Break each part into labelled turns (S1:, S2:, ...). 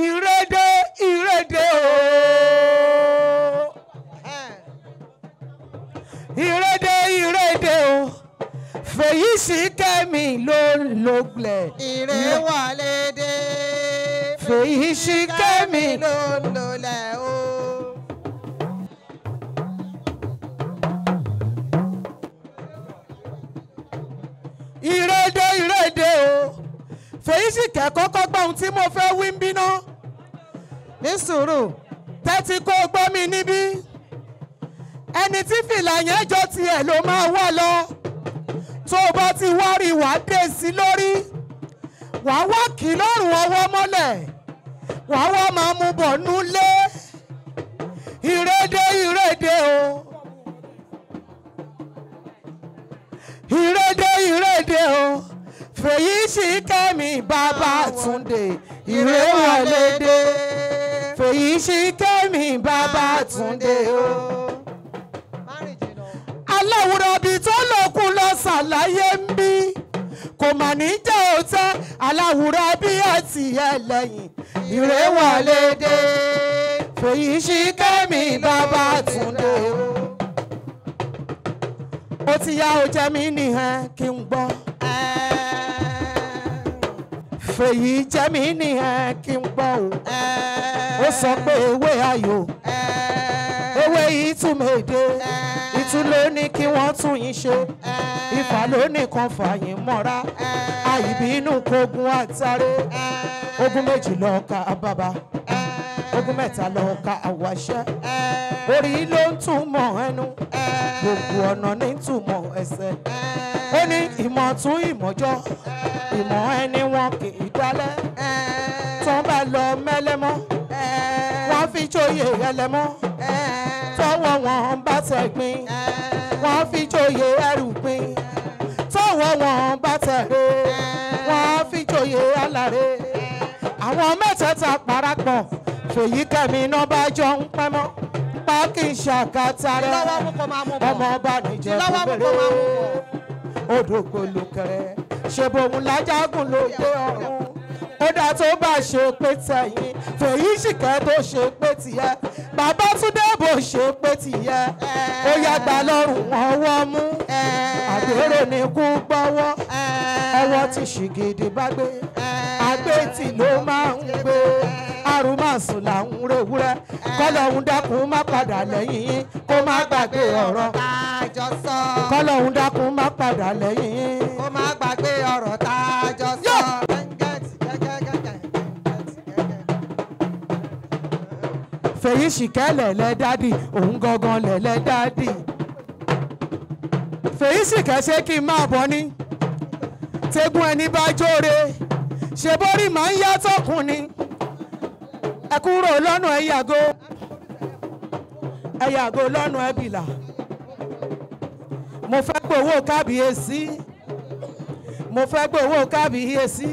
S1: ìrẹ́dẹ́ ìrẹ́dẹ́ o. ìrẹ́dẹ́ ìrẹ́dẹ́ o. fèyí sí kẹ́mi ló ń lo gblẹ̀. ìrẹ́ wà lédè. fèyí kẹ́mi ló ń lo lẹ̀ o. ìrẹ́dẹ́ ìrẹ́dẹ́ o. fèyí sì kẹ́ kọ́kọ́ ohun tí mo fẹ́ wí ń bínú. ní sùúrù tẹ́tí kó o gbọ́ mi níbí ẹni tí fìlà yẹn jọ tiẹ̀ ló máa wọ̀ lọ tó o bá ti wá rí wàá dé sí lórí wàá wá kì í lọ́rùn ọwọ́ mọ́lẹ̀ wàá wá máa mú bọ̀ núlé ìrèdè ìrèdè o ìrèdè ìrèdè o fèyí sí kẹ́mi bàbá túndé ìrè wọlé dé fèyí sí kẹ́mi bàbá túndé o. aláwùrọ̀ bíi tó lòkun lọ ṣàlàyé ń bí kò mà ní jẹ́ òótọ́ aláwùrọ̀ bíi àti ẹlẹ́yìn ìrè wọlé dé fèyí kẹ́mi bàbá túndé o. ó ti yá ojẹ́ mi nìyẹn kí n gbọ́. fèyí jẹ́ mi nìyẹn kí n o ó sọ pé ewé ayò ewé yìí tún mèdè ìtú ló ní kí wọ́n tún yín ṣe ìfà ló nìkan fààyè mọ́ra àìbínú kogun àtàrẹ ogun méjì ka bàbá ogun mẹ́ta ka àwàṣẹ́ orí ló ń túmọ̀ ẹnu gbogbo ọ̀nà ní ẹsẹ̀ ó ní ìmọ̀ tún ìmọ̀jọ́. ìmọ̀ ẹni wọn kì í dalẹ̀ tó bá lọ mẹ́lẹ́mọ́ wọ́n fi joyè ẹlẹ́mọ́ tọ́wọ́ wọn bá tẹ̀gbìn wọ́n fi joyè ẹrùgbìn tọ́wọ́ wọn bá tẹ̀rẹ̀ wọ́n fi joyè alárẹ̀ àwọn mẹ́tẹ̀ẹ̀ta parapọ̀ fèyíkẹ́mi náà bá jọ ń pẹ́ mọ́ pákí ṣàkátà rẹ̀ ọmọ ọba nìjẹ́ kúbẹ̀rẹ̀ odò kò lùkẹ̀rẹ̀ ṣe bòun lájágùn lóde ọ̀run ó dá tó bá ṣe pé tẹ̀yìn fèyí ṣìkẹ́ tó ṣe pé tìyẹ bàbá túndé bò ṣe pé tìyẹ ó yàgbà lọ́rùn ọwọ́ mú àgbèrè ní kú gbọ́wọ́ ọwọ́ tí ṣìgìdì bá gbé àgbẹ̀tì ló máa ń gbé arúmọ̀sùn là rewúrẹ́ kọ́lọ́hún dákun má padà lẹ́yìn yín kó má gbàgbé ọ̀rọ̀ kọ́lọ́hún dákun má padà lẹ́yìn yín kó má ọ̀rọ̀ tá a jọ sọ. fèyí ṣìkẹ́ lẹ̀lẹ́ dádì òun gangan lẹ̀lẹ́ dádì fèyí ṣìkẹ́ ṣé kí n máa bọ̀ ni tẹ́gùn ẹni bá jóore ṣe bórí màá ń yàtọ̀ kùn ni ẹ kúrò lọ́nà ẹ yàgò ẹ yàgò lọ́nà ẹ bìlà mo fẹ́ gbowó kábíyèsí mo fẹ́ gbé owó kábíyèsí.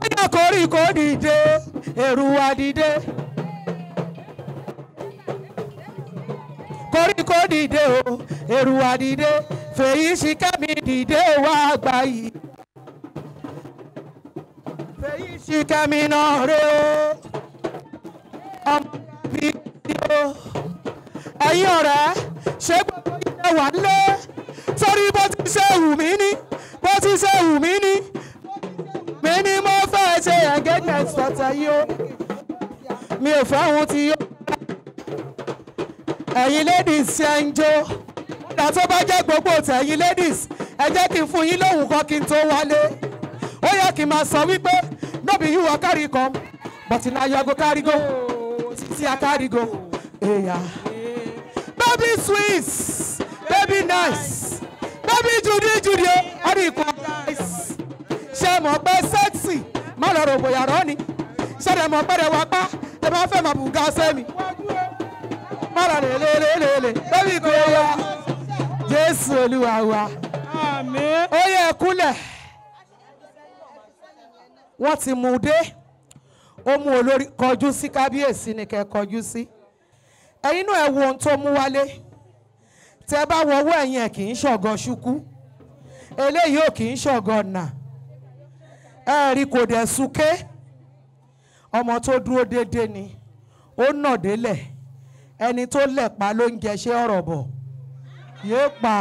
S1: ó yẹ koríko dìde èrú wa dìde. koríko dìde o èrú wa dìde fèyí ṣìkẹ́mi dìde wá gbà yìí. fèyí ṣìkẹ́mi náà rè o. ọmọ bíi ti o. ẹ̀yin ọ̀rẹ́ ṣé gbogbo yìí lè wà ń torí bó ti ṣe wù mí ní bó ti ṣe wù mí ní mi ni mo fẹ́ ṣe engagement tọ̀tẹ̀ yìí o mi ò fẹ́ ohun tí yóò ẹ̀yin ladies ṣe ń jó ọ̀dà tó bá jẹ́ gbogbo tẹ̀yin ladies ẹ jẹ́ kí n fún yín lóhùn kan kí n tó wálé ó yẹ kí n máa sọ wípé no be you a carry come but na you go carry go títí a carry go. Baby sweet baby nice jùdí jùdí o ọdún ikọ̀ ṣe mọ̀ pé sẹ́ẹ̀sì má lọ rògbò yàrá ni ṣẹlẹ̀ mọ̀ pẹ́rẹ́ wá pa ẹ máa fẹ́ máa bùgá sẹ́mi má lọ lè lè lè lè lè bẹ́ẹ̀ bí kò yá Jésù Olúwa wa ó yẹ kúnlẹ̀ wọ́n ti mú un dé ó mú olórí kọjú sí kábíyèsí ni kẹ́ kọjú sí ẹ̀yin náà ẹ wo ohun tó mú wálé tẹ́ bá wọ ọwọ́ ẹ̀yìn ẹ̀ kì í ṣọ̀gọ́ ṣukú eléyìí ò kì í ṣọ̀gọ̀nà ẹ̀rí kò dẹ̀ súnké ọmọ tó dúró déédéé ni ó nà délẹ̀ ẹni tó lẹ̀pa ló ń jẹṣẹ́ ọ̀rọ̀ bọ̀ yóò pa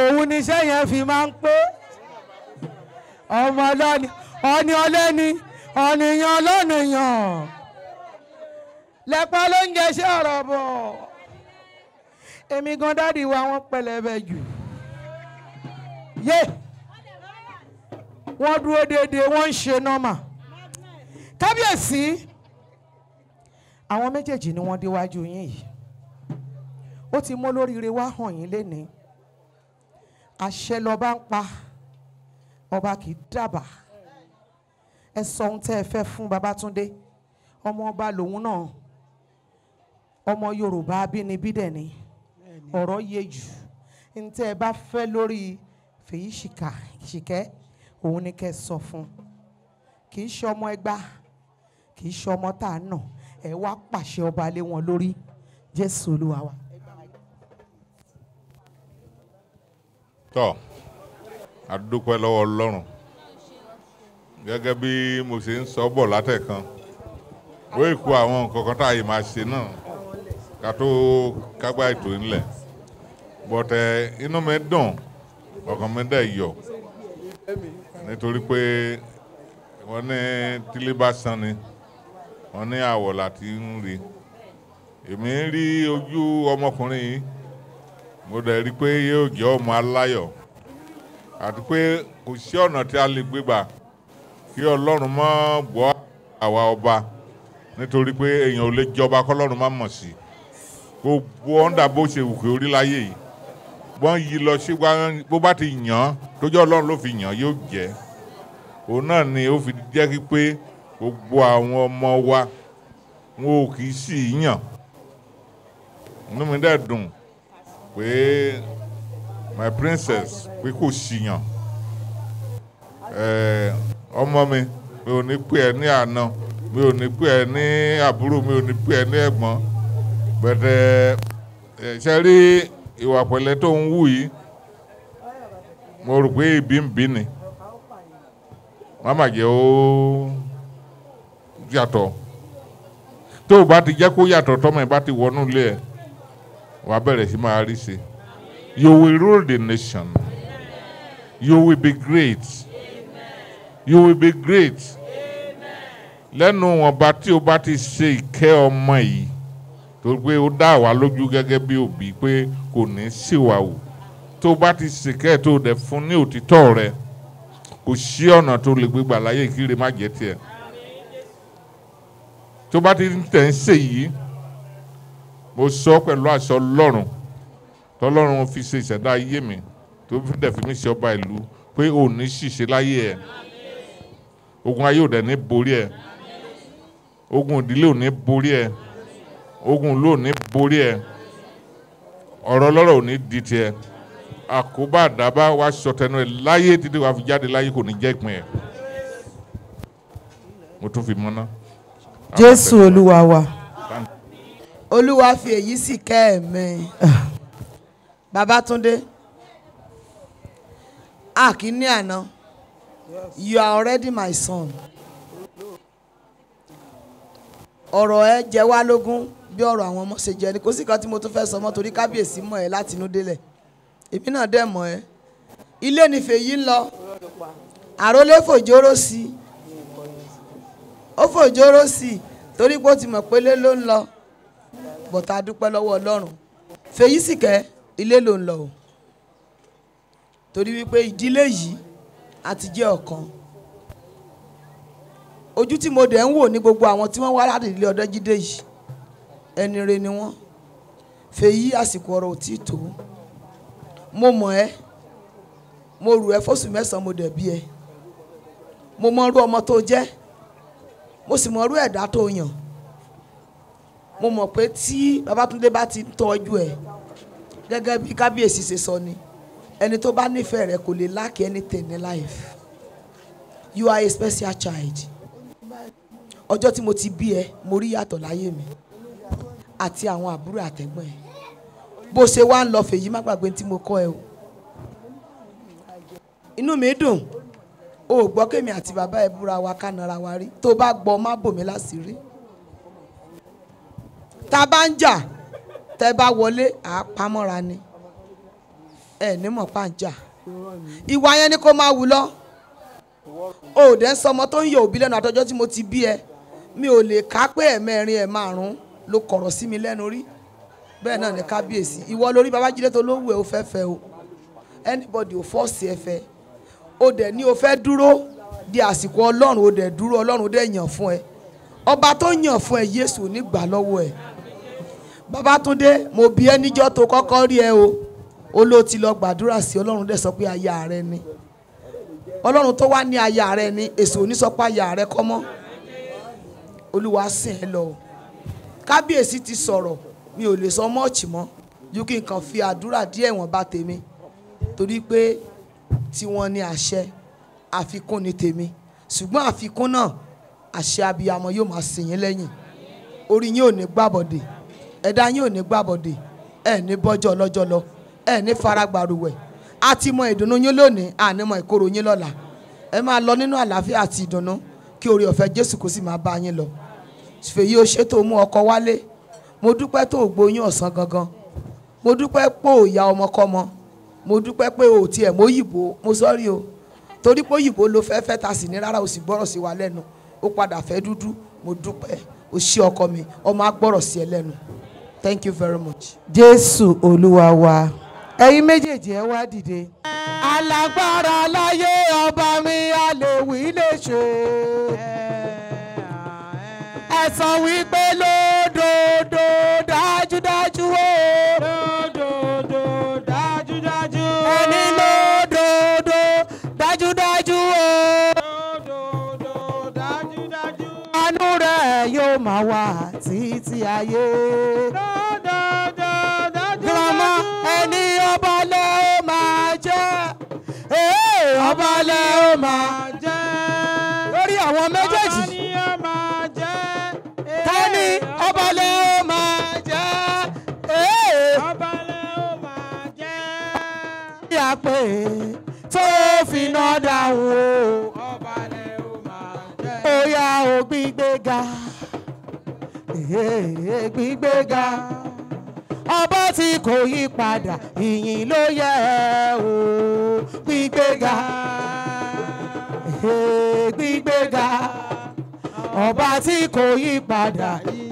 S1: òun níṣẹ́ yẹn fi máa ń pé ọmọ ọlọ́ni ọni ọlẹ́ni ọ̀nìyàn ọlọ́nìyàn lẹ́pa ló ń jẹṣẹ́ ọ̀rọ̀ bọ̀ èmi gan dáàdi wa wọ́n pẹlẹbẹ jù yé wọ́n dúró déédéé wọ́n ń ṣe nọ́mà kábíyèsí àwọn méjèèjì ni wọ́n déwájú yín yìí ó ti mú olóríire wá hàn yín lénìí àṣẹ lọ́ba ń pa ọba kì í dábàá ẹ sọ ohun tẹ́ ẹ fẹ́ fún Babátúndé ọmọ ọba lòun náà ọmọ Yorùbá abínibí dẹ̀ ni ọ̀rọ̀ yé jù ní tẹ́ ẹ bá fẹ́ lórí fèyí ṣìkà ṣìkẹ́ òun ni kẹ́ sọ fún kì í ṣe ọmọ ẹgbà kì í ṣe ọmọ tá a nà ẹ wá pàṣẹ ọba lé wọn lórí jésù olúwa wa.
S2: tọ́ a dúpẹ́ lọ́wọ́ ọlọ́run gẹ́gẹ́ bí mo ṣe ń sọ bọ̀ látẹ̀kan ó èkó àwọn nǹkan kan tá a yìí máa ṣe náà ká tó kágbá ètò ńlẹ̀ bọ̀tẹ̀ inú mi dùn ọkàn mi dẹ̀ yọ̀ nítorí pé wọ́n ní tílé san ni wọ́n ní àwọ̀ láti ń rí èmi ń rí ojú ọmọkùnrin yìí mo dẹ̀ rí pé yóò jẹ́ ọmọ aláyọ̀ àti pé kò sí ọ̀nà tí a lè gbégbà kí ọlọ́run má bọ́ àwa ọba nítorí pé èèyàn ò lè jọba kọ́lọ́run má mọ̀ sí gbogbo ọ̀ǹda bó ṣe wù kí orí láyé yìí wọ́n yí lọ sí wa bó bá ti yàn án tójú ọlọ́run ló fi yàn án yóò jẹ́ òun náà ni ó fi jẹ́ pé gbogbo àwọn ọmọ wa wọn ò kì í sì yàn inú mi dẹ̀ dùn pé my princess pé kò sì yàn ọmọ mi mi ò ní pè ẹ́ ní àná mi ò ní pè ẹ́ ní àbúrò mi ò ní pè ẹ́ ní ẹ̀gbọ́n gbẹ̀dẹ̀ ṣe rí ìwà pẹ̀lẹ́ tó ń wù yìí mo rò pé ibi ń bí ni wọ́n má jẹ́ ó yàtọ̀ tó o bá ti jẹ́ kó yàtọ̀ tọ́mọ ẹ̀ bá ti wọnú ilé ẹ̀ wàá bẹ̀rẹ̀ sí máa rí sí you will rule the nation you will be great you will be great lẹ́nu ọba tí o bá ti ṣe ìkẹ́ ọmọ yìí torí pé ó dá àwa lójú gẹ́gẹ́ bí òbí pé kò ní ṣìwà wù tó bá ti ṣìkẹ́ tó dẹ̀ fún ní òtítọ́ rẹ kò sí ọ̀nà tó lè gbégbà láyé ìkírè má jẹ́ tiẹ̀ tó bá ti tẹ̀ ń ṣe yìí mo sọ pẹ̀lú àṣọ lọ́rùn tọ́lọ́run fi ṣe ìṣẹ̀dá ayé mi tó fi dẹ̀ fi mí ṣe ọba ìlú pé ò ní ṣìṣe láyé ẹ̀ ogun ayé ò dẹ̀ ní borí ẹ̀ ogun ìdílé ò ní borí ẹ̀ ogun ló ní borí ẹ ọ̀rọ̀ lọ́rọ̀ ò di tiẹ̀ àkóbá àdábá wa sọtẹnu ẹ láyé títí wàá fi jáde láyé kò ní jẹ́ ìpín ẹ mo tún fi mọ́ná.
S1: jésù olúwa wa olúwa fi èyí sì kẹ́ ẹ̀ mẹ́ babatunde akínní àná you are already my son ọ̀rọ̀ ẹ jẹ wá lógún bí ọ̀rọ̀ àwọn ọmọ ṣe jẹ́ ni kò sí kan tí mo tún fẹ́ sọ mọ́ torí kábíyèsí mọ̀ ẹ́ láti inú délẹ̀ èmi náà dẹ̀ mọ̀ ẹ́ ilé ni fèyí ń lọ àrólé fòjóró sí i ó fòjóró sí i torí pé ó ti mọ̀ pé ilé ló ń lọ bọ̀tà dúpẹ́ lọ́wọ́ ọlọ́run fèyí ilé ló ń lọ o torí wípé ìdílé yìí a ti jẹ́ ọ̀kan ojú tí mo dẹ̀ ń wò ní gbogbo àwọn tí wọ́n wá láti ilé yìí ẹni re ni wọ́n fèyí àsìkò ọ̀rọ̀ ò tí tó mo mọ̀ ẹ́ mo rù ẹ́ fóṣù mẹ́sàn-án mo dẹ̀ bí ẹ mo mọ irú ọmọ tó jẹ́ mo sì mọ irú ẹ̀dá tó yàn mo mọ̀ pé tí Babátúndé bá ti tọ́jú ẹ gẹ́gẹ́ bí kábíyèsí ṣe sọ ni ẹni tó bá nífẹ̀ẹ́ rẹ kò lè lack anything in life you are a special child ọjọ́ tí mo ti bí ẹ mo rí yàtọ̀ láyé mi àti àwọn àbúrò àtẹ̀gbọ́n ẹ̀ bó ṣe wá ń lọ fèyí má gbàgbé tí mo kọ́ ẹ o inú mi dùn o ò gbọ́ kémi àti bàbá ẹ búra wa ká nara wa rí tó bá gbọ́ má bò mí láṣìírí tá a bá ń jà tẹ bá wọlé àpamọ́ra ni ẹ ní mọ̀ pa ń jà ìwà yẹn ni kó máa wù lọ o ń sọ ọmọ tó ń yọ òbí lẹ́nu àtọ́jọ́ tí mo ti bí ẹ mi ò lè ká pé ẹ̀mẹ́rin ẹ̀ márùn-ún ló kọ̀rọ̀ sí mi lẹ́nu rí bẹ́ẹ̀ náà ni kábíyèsí ìwọ lórí babájídé tó ló ń wẹ̀ o fẹ́ fẹ́ o anybody ò fọ́ọ̀sì ẹ fẹ́ o dẹ̀ ní o fẹ́ dúró di àsìkò ọlọ́run o dẹ̀ dúró ọlọ́run dẹ̀ yàn fún ẹ ọba tó yàn fún ẹ yéṣu nígbà lọ́wọ́ ẹ babatunde mo bí ẹ níjọ́ tó kọ́kọ́ rí ẹ o ó ló ti lọ gbàdúrà sí ọlọ́run dẹ̀ sọ pé aya rẹ ni ọlọ́run tó wá ní aya rẹ ni èso onísọpá aya rẹ kọ́ olúwa sìn ẹ lọ o kábíyèsí ti sọ̀rọ̀ mi ò lè sọ mọ́ọ̀chì mọ́ ju kí n kàn fi àdúrà díẹ̀ wọ́n bá tèmi torí pé tiwọn ni àṣẹ àfikún ni tèmi ṣùgbọ́n àfikún náà àṣẹ abiyamọ yóò máa sìn yín lẹ́yìn orí yín ò ní gbàbọ̀dè ẹ̀dá yín ò ní gbàbọ̀dè ẹ̀ ní bọ́jọ́ lọ́jọ́ lọ ẹ̀ ní faragbàrúwẹ̀ a ti mọ ìdùnnú yín lónìí àní mọ ìkorò yín lọ́la ẹ máa lọ nínú àlàáfíà àti ìdùnnú kí oore ọ̀fẹ́ Jésù kó sì máa bá yín lọ fèyí o ṣe mú ọkọ wálé mo dúpẹ́ tó gboyún ọ̀sán gangan mo dúpẹ́ pé ò ya ọmọkọ́mọ mo dúpẹ́ pé ò tiẹ̀ mọ́yìnbó mo sọ́rí o torí pé òyìnbó ló fẹ́ fẹ́ ta sì ní rárá o sì gbọ́rọ̀ sí wa lẹ́nu ó padà fẹ́ dúdú mo dúpẹ́ o ṣí ọkọ mi ọmọ á sí ẹ lẹ́nu thank you very much. jésù olúwa wa ẹ̀yin méjèèjì ẹ wá dìde. alágbára láyé ọba mi. sọ wípé lódodo dájúdájú o. lódodo dájúdájú. ẹni lódodo dájúdájú o. lódodo dájúdájú. àánú rẹ̀ yóò máa wà títí ayé. lódodo dájúdájú. girama ẹni ọba lẹ́ ó máa jẹ́. ọba lẹ́ ó máa jẹ́. lórí àwọn méjèèjì ọbalẹ̀ ó máa jẹ́. ọbalẹ̀ ó máa jẹ́. ìyá pé tó fi ná dáhùn o. ọbalẹ̀ ó máa jẹ́. ó yá o gbígbéga gbígbéga ọba tí kò yí padà ìyìn ló yẹ o gbígbéga gbígbéga ọba tí kò yí padà ìyìn.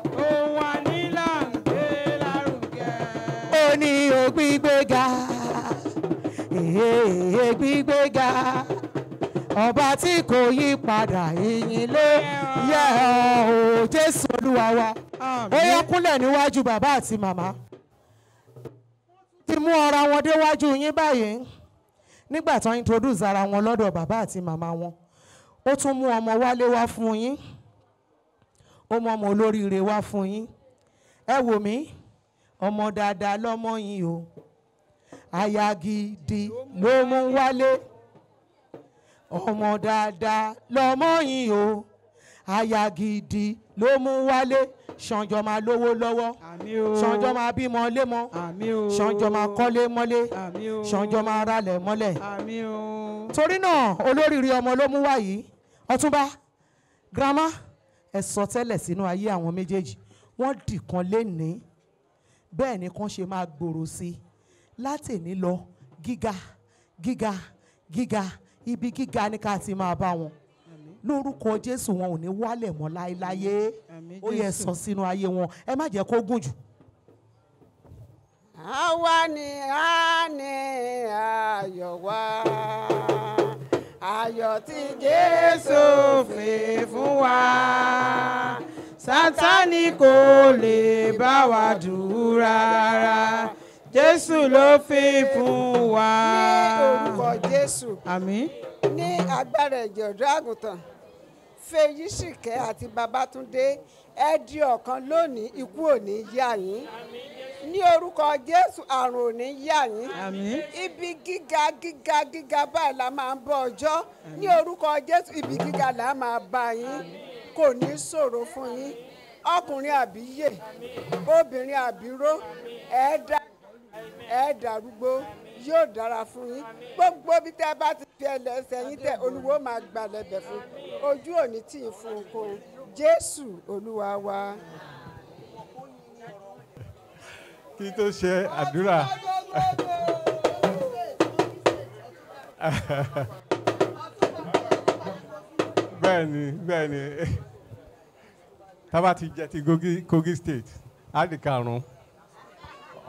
S1: gbígbéga gbígbéga ọba tí kò yí padà ìyìn ló yẹ ọ́ Jésù Olúwa wa ó yẹ kúnlẹ̀ níwájú bàbá àti màmá ti mú ọra wọn déwájú yín báyìí nígbà tó introduce ara wọn lọ́dọ̀ bàbá àti màmá wọn ó tún mú ọmọ wálé wá fún yín ó mú ọmọ olóríire wá fún yín ẹ wò mí ọmọ dáadáa lọ́mọ yín o aya gidi ló mú wálé ọmọ dáadáa lọ́mọ yín o aya gidi ló mú wálé ṣànjọ máa lówó lọ́wọ́ ṣànjọ máa bímọ lémọ ṣànjọ máa kọ́lé mọ́lé ṣànjọ máa ralẹ̀ mọ́lẹ̀. torí náà olóríire ọmọ ló mú wá yìí ọtúnba girama ẹ sọ tẹ́lẹ̀ sínú ayé àwọn méjèèjì wọ́n dìkan lénìí bẹ́ẹ̀ ni kàn ṣe máa gbòòrò sí i látẹ̀ní lọ gíga gíga gíga ibi gíga ni ká ti máa bá wọn lórúkọ Jésù wọn ò ní wálẹ̀ mọ́ láéláyé ó yẹ sọ sínú ayé wọn ẹ má jẹ́ kó gùn jù. àwa ni a ní ayọ̀ wa ayọ̀ tí Jésù fi fún wa sátánì kò lè bá wa dùn rárá jésù ló fi fún wa. ní orúkọ jésù. àmín. ní agbára ẹ̀jẹ̀ ọ̀dọ́ àgùntàn fèyísìkẹ́ àti babátúndé ẹ di ọ̀kan lónìí ikú ò ní yá yín ní orúkọ jésù àrùn ò ní yá yín ibi gíga gíga gíga báyìí la máa ń bọ ọjọ́ ní orúkọ jésù ibi gíga la máa bá yín. Àmín kò ní ṣòro fún yín ọkùnrin àbíyè obìnrin àbíró ẹ̀ẹ́dá ẹ̀ẹ́dàrúgbó yóò dára fún yín gbogbo bí tẹ́ bá ti fi ẹlẹ́sẹ̀ yín tẹ̀ olúwo máa gbalẹ̀ bẹ̀ fún ojú òní tì í fún ohunkóhun jésù olúwa wa.
S3: kí tó ṣe àdúrà. bẹ́ẹ̀ni bẹ́ẹ̀ni tábà ti jẹ ti Kogi State á di karùn-ún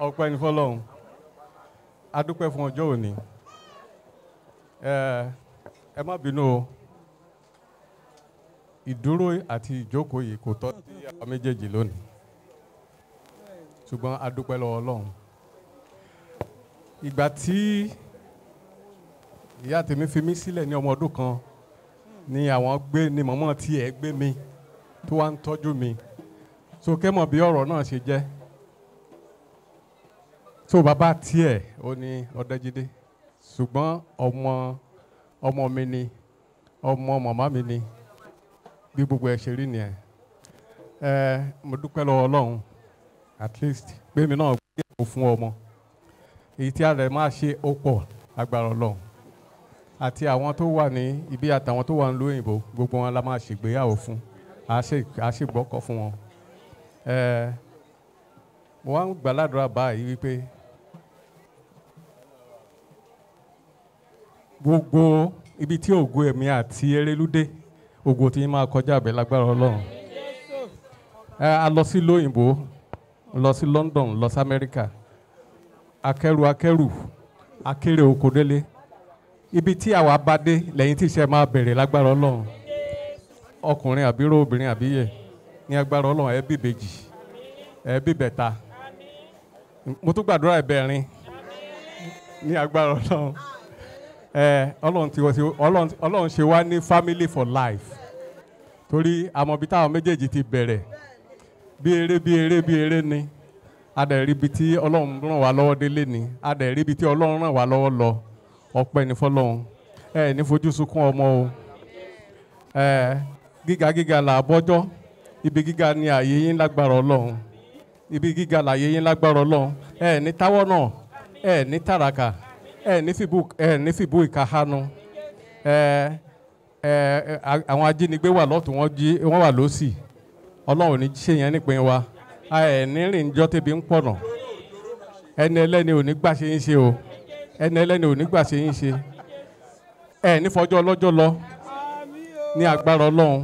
S3: ọpẹ́ ní fọ́lọ́run adúpẹ́ fún ọjọ́ òní ẹ má bínú o ìdúró àti ìjókòó yìí kò tọ́ sí àwọn méjèèjì lónìí ṣùgbọ́n adúpẹ́ lọ́wọ́ Ọlọ́run ìgbà tí ìyá tèmi fi mí sílẹ̀ ní ọmọ ọdún kan ni àwọn gbé ni mọ̀mọ́ tiẹ̀ gbé mi tó wá ń tọ́jú mi so kẹ́mọ̀ bí ọ̀rọ̀ náà ṣe jẹ́ so bàbá tiẹ̀ ó ní Ọdẹ́jídé ṣùgbọ́n ọmọ ọmọ mi ni ọmọ màmá mi ni bí gbogbo ẹ̀ ṣe rí nìyẹn ẹ mo dúpẹ́ lọ́wọ́ Ọlọ́run at least pé mi náà gbé ìyàwó fún ọmọ èyí tí a rẹ̀ máa ṣe ó pọ̀ agbára Ọlọ́run àti àwọn tó wà ní ibi àtàwọn tó wà ní lóyìnbó gbogbo wọn la máa ṣègbéyàwó fún a ṣe gbọ́kọ̀ fún wọn. mo wá ń gbàládùra báyìí wípé gbogbo ibi tí ògo ẹ̀mí àti erélúdé ògo tí máa kọjá àbẹ̀ lágbára ọlọ́run. a lọ sí lóyìnbó lọ sí London lọ sí Amẹ́ríkà akẹ́rù akẹ́rù akéré okòdélé ibi tí àwa bá dé lẹ́yìn tí iṣẹ́ máa bẹ̀rẹ̀ lágbára ọlọ́run ọkùnrin àbíró obìnrin àbíyẹ ní agbára ọlọ́run ẹ bí ìbejì ẹ bí ìbẹ̀ta mo tún gbàdúrà ìbẹ̀rin ní agbára ọlọ́run ẹ ọlọ́run ti ọlọ́run ṣe wá ní family for life torí àmọ́bí táwọn méjèèjì ti bẹ̀rẹ̀ bí eré bí eré bí eré ni adẹ̀ríbi tí ọlọ́run ràn wá lọ́wọ́ délé ni adẹ̀ríbi tí ọlọ́run ràn wá lọ́wọ́ lọ ọpẹ́ ní fọlọ́run ẹ ní fojú sunkún ọmọ o ẹ gíga gíga là bọ́jọ́ ibi gíga ni ààyè yín lágbára ọlọ́run ibi gíga lààyè yín lágbára ọlọ́run ẹ ní táwọ́ náà ẹ ní tàràkà ẹ ní fìbú ẹ ní fìbú ìkahanu ẹ ẹ àwọn ajínigbé wà lọ́tún wọ́n jí wọ́n wà lọ́sì ọlọ́run ní ṣèyàn nípìn wa ẹ ní rìn jọ́ tẹ́bi ń pọ̀nà ẹni ẹlẹ́ni ò ní gbà ṣe ń ṣe o ẹni ẹlẹ́ni ò ní gbà ṣe yín ṣe ẹ ní fọjọ́ ọlọ́jọ́ lọ ní agbára Ọlọ́run